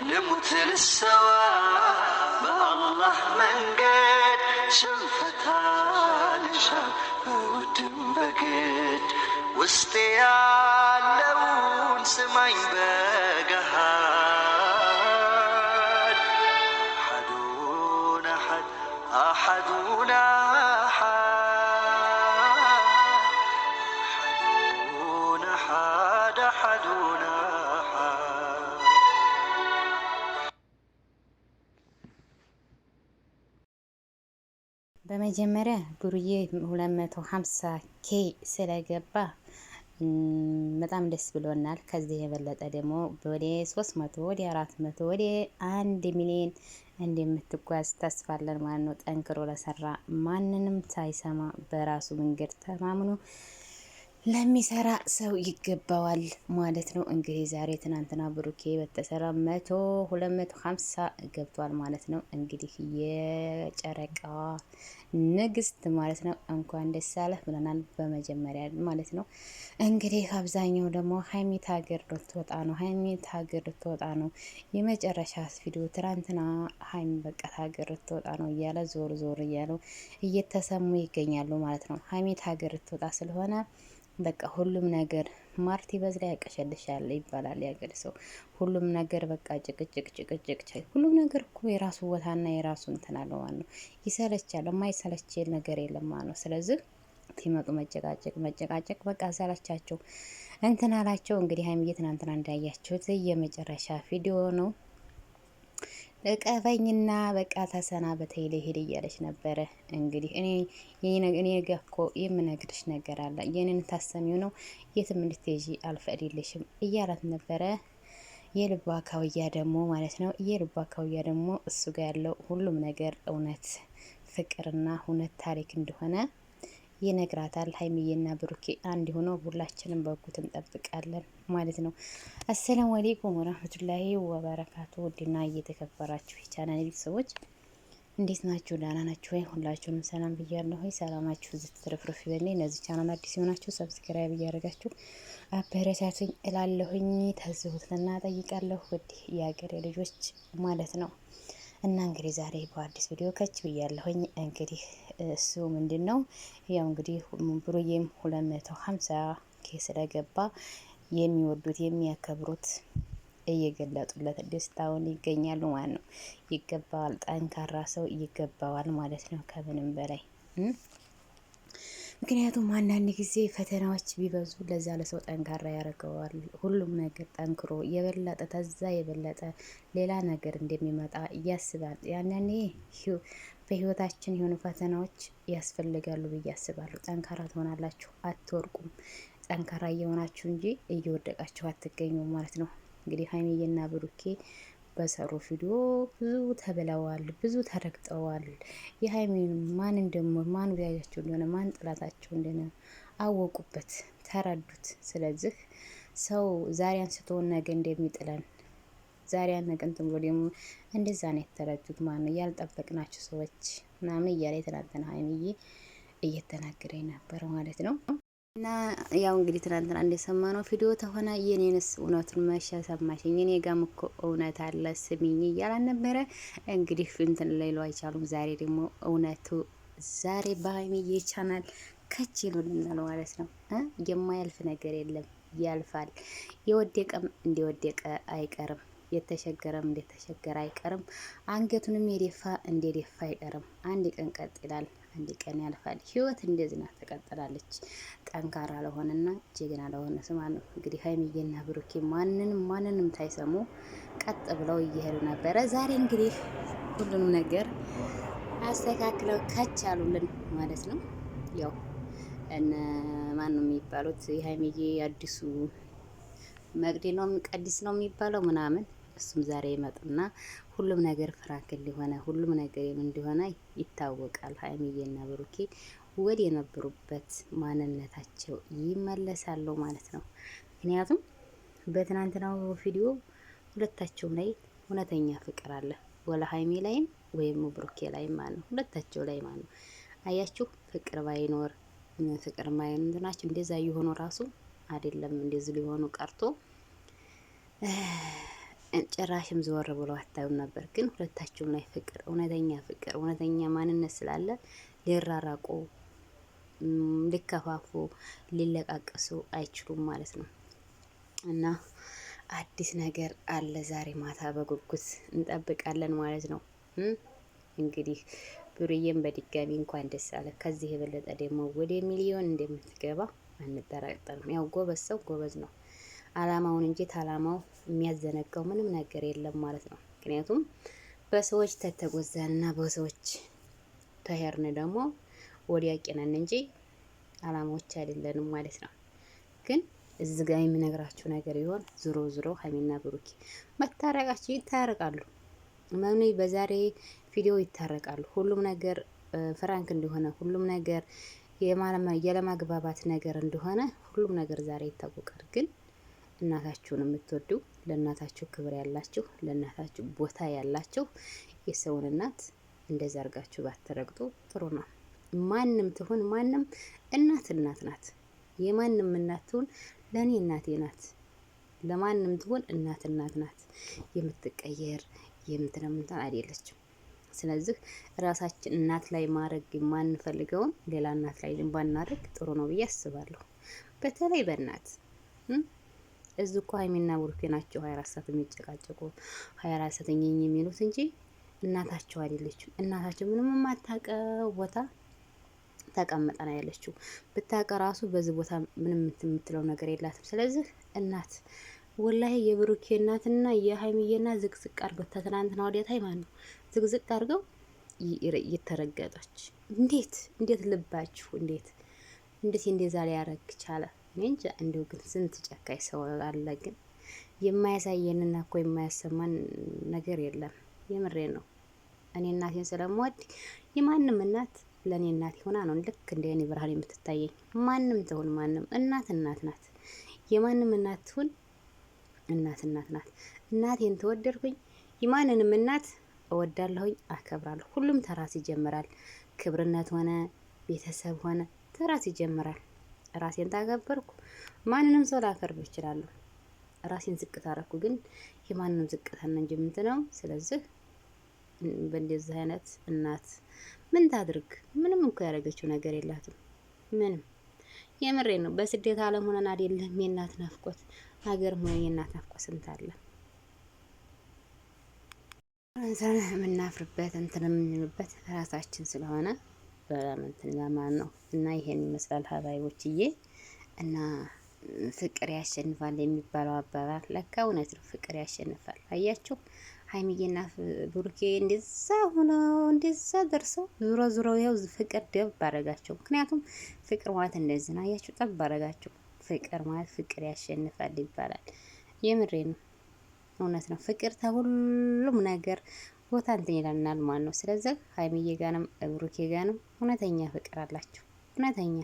لمت للسواب الله من قد شفتها لشاف ودم بقيت وسطي يعلون سمعي بقهاد حدون أحد أحد መጀመሪያ ብሩዬ 250 ኬ ስለገባ በጣም ደስ ብሎናል። ከዚህ የበለጠ ደግሞ ወደ 300 ወደ 400 ወደ አንድ ሚሊዮን እንደምትጓዝ ተስፋለን ማለት ነው። ጠንክሮ ለሰራ ማንንም ሳይሰማ በራሱ መንገድ ተማምኖ ለሚሰራ ሰው ይገባዋል ማለት ነው። እንግዲህ ዛሬ ትናንትና ብሩኬ በተሰራ መቶ ሁለት መቶ ሀምሳ ገብቷል ማለት ነው። እንግዲህ የጨረቃ ንግስት ማለት ነው እንኳን ደስ አለህ ብለናል በመጀመሪያ ማለት ነው። እንግዲህ አብዛኛው ደግሞ ሀይሚት ሀገር ልትወጣ ነው፣ ሀይሚት ሀገር ልትወጣ ነው። የመጨረሻ ቪዲዮ ትናንትና ሀይሚ በቃት ሀገር ልትወጣ ነው እያለ ዞር ዞር እያለው እየተሰሙ ይገኛሉ ማለት ነው። ሀይሚት ሀገር ልትወጣ ስለሆነ በቃ ሁሉም ነገር ማርቲ በዝ ላይ ያቀሸልሻል ይባላል ያገር ሰው። ሁሉም ነገር በቃ ጭቅጭቅ ጭቅጭቅ፣ ቻይ ሁሉም ነገር እኮ የራሱ ቦታና የራሱ እንትን አለው ማለት ነው። ይሰለቻል። የማይሰለች ነገር የለማ ነው። ስለዚህ ሲመጡ መጨቃጨቅ መጨቃጨቅ በቃ ሰለቻቸው እንትን አላቸው። እንግዲህ ሀይሚዬ ትናንትና እንዳያችሁት የመጨረሻ ቪዲዮ ነው። እቀበኝና በቃ ተሰናበተኝ ልሄድ እያለች ነበረ። እንግዲህ እኔ ጋ እኮ የምነግርሽ ነገር አለ፣ የኔን ታሰሚው ነው፣ የትም እንድትሄጂ አልፈቅድልሽም እያላት ነበረ። የልቧ ካውያ ደግሞ ማለት ነው። የልቧ ካውያ ደግሞ እሱ ጋር ያለው ሁሉም ነገር እውነት ፍቅርና እውነት ታሪክ እንደሆነ ይነግራታል። ሀይሚዬና ብሩኬ አንድ ሆኖ ሁላችንም በጉት እንጠብቃለን ማለት ነው። አሰላሙ አሌይኩም ወራህመቱላሂ ወበረካቱ። ውድና እየተከበራችሁ የቻናል ቤተሰቦች እንዴት ናችሁ? ደህና ናችሁ ወይ? ሁላችሁንም ሰላም ብያለሁ። ሆይ ሰላማችሁ ዝትርፍርፍ ትርፍርፍ እነዚህ ቻናል አዲስ የሆናችሁ ሰብስክራይብ እያደረጋችሁ አበረታቱኝ እላለሁኝ። ተዝሁትንና ጠይቃለሁ። ውድ የሀገሬ ልጆች ማለት ነው እና እንግዲህ ዛሬ በአዲስ ቪዲዮ ከች ብያለሁኝ። እንግዲህ እሱ ምንድን ነው ያው እንግዲህ ብሩዬም ሁለት መቶ ሀምሳ ኬ ስለገባ የሚወዱት የሚያከብሩት እየገለጡለት ደስታውን ይገኛሉ ማለት ነው። ይገባዋል፣ ጠንካራ ሰው ይገባዋል ማለት ነው ከምንም በላይ ምክንያቱም አንዳንድ ጊዜ ፈተናዎች ቢበዙ ለዛ ለሰው ጠንካራ ያደርገዋል። ሁሉም ነገር ጠንክሮ የበለጠ ተዛ የበለጠ ሌላ ነገር እንደሚመጣ እያስባል። ያንዳንዴ በህይወታችን የሆኑ ፈተናዎች ያስፈልጋሉ ብዬ አስባለሁ። ጠንካራ ትሆናላችሁ፣ አትወድቁም። ጠንካራ እየሆናችሁ እንጂ እየወደቃችሁ አትገኙ ማለት ነው። እንግዲህ ሀይሚዬና ብሩኬ በሰሩ ቪዲዮ ብዙ ተብለዋል፣ ብዙ ተረግጠዋል። የሀይሚን ማን እንደሞ ማን ወዳጃቸው እንደሆነ ማን ጥላታቸው እንደሆነ አወቁበት፣ ተረዱት። ስለዚህ ሰው ዛሬ አንስቶ ነገ እንደሚጥለን ዛሬ ያነቅን ብሎ ደግሞ እንደዛ ነው የተረዱት። ማን ነው ያልጠበቅናቸው ሰዎች ምናምን እያለ የትናንትና ሀይሚዬ እየተናገረኝ ነበር ማለት ነው። እና ያው እንግዲህ ትናንትና እንደሰማነው ቪዲዮ ተሆነ የኔንስ እውነቱን መሻ ሰማሽኝ፣ እኔ ጋም እኮ እውነት አለ ስሚኝ እያላን ነበረ። እንግዲህ እንትን ላይሉ አይቻሉም። ዛሬ ደግሞ እውነቱ ዛሬ በሀይሚዬ ቻናል ከች ይሉልናል ማለት ነው። የማያልፍ ነገር የለም ያልፋል። የወደቀም እንደወደቀ አይቀርም። የተሸገረም እንደተሸገረ አይቀርም። አንገቱንም የደፋ እንደደፋ አይቀርም። አንድ ቀን ቀጥ ይላል፣ አንድ ቀን ያልፋል። ህይወት እንደዚህ ናት፣ ትቀጥላለች። ጠንካራ ለሆነና ጀግና ለሆነ ስማ ነው እንግዲህ ሀይሚዬና ብሩኬ ማንንም ማንንም ታይሰሙ ቀጥ ብለው እየሄዱ ነበረ። ዛሬ እንግዲህ ሁሉንም ነገር አስተካክለው ከች አሉልን ማለት ነው ያው እነ ማን ነው የሚባሉት የሀይሚዬ አዲሱ መቅዲ ነው ቀዲስ ነው የሚባለው ምናምን እሱም ዛሬ ይመጡና ሁሉም ነገር ፍራንክ እንዲሆነ ሁሉም ነገር ምን እንዲሆነ ይታወቃል። ሀይሚዬና ብሩኬ ወደ የነበሩበት ማንነታቸው ይመለሳሉ ማለት ነው። ምክንያቱም በትናንትናው ቪዲዮ ሁለታቸው ላይ እውነተኛ ፍቅር አለ። ወላ ሀይሚ ላይም ወይም ብሩኬ ላይ ማለት ነው። ሁለታቸው ላይ ማለት ነው። አያችሁ ፍቅር ባይኖር ፍቅር ማይንትናቸው እንደዛ የሆኑ ራሱ አይደለም እንደዚህ ሊሆኑ ቀርቶ ጭራሽም ዘወር ብለው አታዩም ነበር። ግን ሁለታቸውም ላይ ፍቅር፣ እውነተኛ ፍቅር፣ እውነተኛ ማንነት ስላለ ሊራራቁ፣ ሊከፋፉ፣ ሊለቃቀሱ አይችሉም ማለት ነው እና አዲስ ነገር አለ ዛሬ ማታ በጉጉት እንጠብቃለን ማለት ነው። እንግዲህ ብሩዬም በድጋሚ እንኳን ደስ አለ። ከዚህ የበለጠ ደግሞ ወደ ሚሊዮን እንደምትገባ አንጠራጠርም። ያው ጎበዝ ሰው ጎበዝ ነው። አላማውን እንጂ ታላማው የሚያዘነጋው ምንም ነገር የለም ማለት ነው። ምክንያቱም በሰዎች ተተጎዛና በሰዎች ተሄርን ደግሞ ወዲያቂ ነን እንጂ አላማዎች አይደለንም ማለት ነው። ግን እዚ ጋ የሚነግራችሁ ነገር ይሆን ዝሮ ዝሮ ሀይሚና ብሩኪ መታረቃቸው ይታረቃሉ። መኑ በዛሬ ቪዲዮ ይታረቃሉ። ሁሉም ነገር ፍራንክ እንደሆነ ሁሉም ነገር የለማግባባት ነገር እንደሆነ ሁሉም ነገር ዛሬ ይታወቃል ግን እናታችሁን የምትወዱ ለእናታችሁ ክብር ያላችሁ ለእናታችሁ ቦታ ያላችሁ የሰውን እናት እንደዛ አርጋችሁ ባትረግጡ ጥሩ ነው። ማንም ትሆን ማንም እናት እናት ናት። የማንም እናት ትሁን ለእኔ እናቴ ናት። ለማንም ትሆን እናት እናት ናት። የምትቀየር የምትነምንታን አይደለችም። ስለዚህ ራሳችን እናት ላይ ማድረግ የማንፈልገውን ሌላ እናት ላይ ባናደርግ ጥሩ ነው ብዬ አስባለሁ። በተለይ በእናት እዚ እኮ ሀይሚና ብሩኬ ናቸው ሀያ አራት ሰዓት የሚጨቃጨቁ ሀያ አራት ሰዓት እኝኝ የሚሉት እንጂ እናታቸው አይደለችም። እናታቸው ምንም የማታውቀው ቦታ ተቀምጣ ነው ያለችው። ብታውቀ ራሱ በዚህ ቦታ ምንም የምትለው ነገር የላትም። ስለዚህ እናት ወላሂ የብሩኬ እናትና የሀይሚዬ እናት ዝቅዝቅ አድርገው ተትናንትና ወዲያ ታይማን ነው ዝቅዝቅ አድርገው እየተረገጠች እንዴት እንዴት ልባችሁ እንዴት እንዴት እንደዛ ሊያረግ ቻለ? እንጃ እንደው ግን ስንት ጨካኝ ሰው አለ። ግን የማያሳየንና እኮ የማያሰማን ነገር የለም። የምሬ ነው። እኔ እናቴን ስለምወድ የማንም እናት ለእኔ እናቴ ሆና ነው ልክ እንደ እኔ ብርሃን የምትታየኝ። ማንም ትሁን ማንም እናት እናት ናት። የማንም እናት ትሁን እናት እናት ናት። እናቴን ተወደድኩኝ የማንንም እናት እወዳለሁኝ፣ አከብራለሁ። ሁሉም ተራስ ይጀምራል። ክብርነት ሆነ ቤተሰብ ሆነ ተራስ ይጀምራል። ራሴን ታገበርኩ ማንንም ሰው ላከርብ እችላለሁ። ራሴን ዝቅት አረኩ፣ ግን የማንንም ዝቅታና እንጂ ነው። ስለዚህ በእንደዚህ አይነት እናት ምን ታድርግ? ምንም እኮ ያደረገችው ነገር የላትም ምንም የምሬ ነው። በስደት ዓለም ሆነን አይደለም የእናት ናፍቆት ሀገር ሆነን የእናት ናፍቆት ስንት አለ። ምናፍርበት እንትን የምንልበት ራሳችን ስለሆነ በእንትን ለማን ነው እና ይሄን ይመስላል ሀባይቦችዬ እና ፍቅር ያሸንፋል የሚባለው አባባል ለካ እውነት ነው። ፍቅር ያሸንፋል። አያችሁ ሀይሚዬና ብሩኬ እንደዛ ሆነው እንደዛ ደርሰው ዙሮ ዙሮ ያው ፍቅር ደብ አረጋቸው። ምክንያቱም ፍቅር ማለት እንደዚህ ነው። አያችሁ ጠብ አረጋቸው። ፍቅር ማለት ፍቅር ያሸንፋል ይባላል። የምሬ ነው። እውነት ነው። ፍቅር ተሁሉም ነገር ቦታ እንትን ይለናል ማለት ነው። ስለዚህ ሀይሚዬ ጋንም ብሩኬ ጋንም እውነተኛ ፍቅር አላቸው እውነተኛ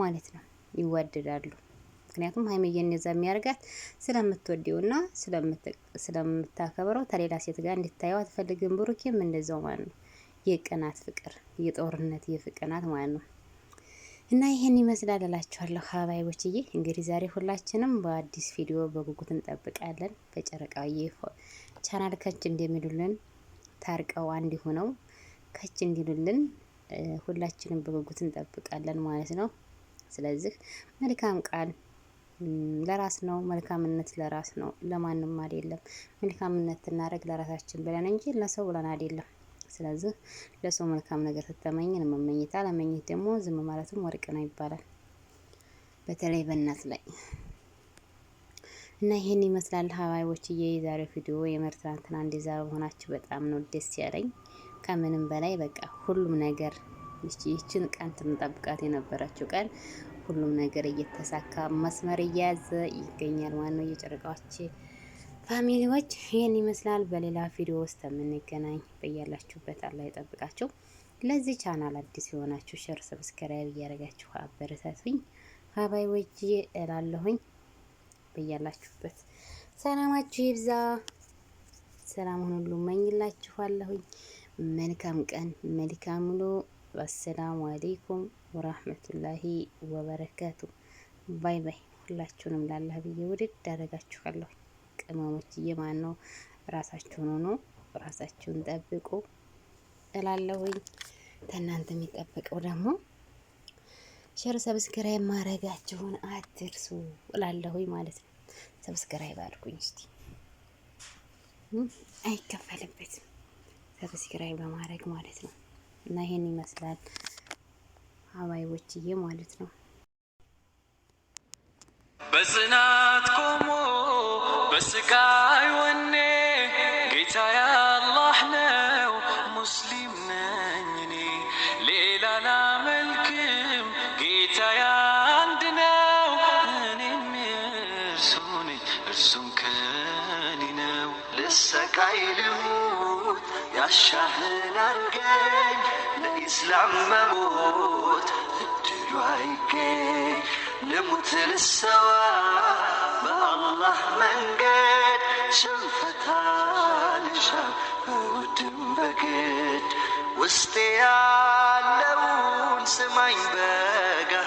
ማለት ነው፣ ይዋደዳሉ። ምክንያቱም ሀይሚዬ እንደዛ የሚያደርጋት ስለምትወደው ና ስለምታከብረው ተሌላ ሴት ጋር እንድታየው አትፈልግም። ብሩኬም እንደዛው ማለት ነው። የቅናት ፍቅር የጦርነት የፍቅናት ማለት ነው። እና ይሄን ይመስላል እላችኋለሁ ሀባይቦችዬ። እንግዲህ ዛሬ ሁላችንም በአዲስ ቪዲዮ በጉጉት እንጠብቃለን። በጨረቃዬ ቻናል ከች እንደሚሉልን ታርቀው አንድ ሆነው ከች እንዲሉልን ሁላችንም በጉጉት እንጠብቃለን ማለት ነው። ስለዚህ መልካም ቃል ለራስ ነው። መልካምነት ለራስ ነው፣ ለማንም አይደለም። መልካምነት ትናደርግ ለራሳችን ብለን እንጂ ለሰው ብለን አይደለም። ስለዚህ ለሰው መልካም ነገር ነው መመኘት አለመኘት ደግሞ ዝም ማለትም ወርቅ ነው ይባላል። በተለይ በእናት ላይ እና ይሄን ይመስላል እዬ የዛሬው ቪዲዮ የምር ትናንትና እንደዛ መሆናችሁ በጣም ነው ደስ ያለኝ። ከምንም በላይ በቃ ሁሉም ነገር ይችን ቀን ትንጠብቃት የነበረችው ቀን ሁሉም ነገር እየተሳካ መስመር እያያዘ ይገኛል ማለት ነው። የጨረቃዎች ፋሚሊዎች ይህን ይመስላል። በሌላ ቪዲዮ ውስጥ የምንገናኝ በያላችሁበት አላህ ይጠብቃችሁ። ለዚህ ቻናል አዲስ የሆናችሁ ሸር፣ ሰብስክራይብ እያደረጋችሁ አበረታቱኝ ወጅ እላለሁኝ። በያላችሁበት ሰላማችሁ ይብዛ። ሰላም ሁሉ እመኝላችኋለሁኝ። መልካም ቀን፣ መልካም ውሎ። አሰላሙ አሌይኩም ወራህመቱላሂ ወበረካቱ። ባይ ባይ። ሁላችሁንም ላላህ ብዬ ውድድ አደረጋችኋለሁ። ቅመሞች እየማን ነው ራሳችሁን ሆኖ ራሳችሁን ጠብቁ እላለሁኝ። ከእናንተ የሚጠበቀው ደግሞ ሸር ሰብስክራይብ ማድረጋችሁን አትርሱ እላለሁኝ ማለት ነው። ሰብስክራይብ አድርጉኝ እስቲ አይከፈልበትም ሰብስክራይብ በማድረግ ማለት ነው። እና ይሄን ይመስላል አባይዎችዬ ማለት ነው። السكاي لموت يا الشهل ارجل لإسلام مموت الدلو هيجي نموت للسوا مع الله منجد شنفتها لشام ودم بقيت وسطي ያለውን ስማኝ በጋ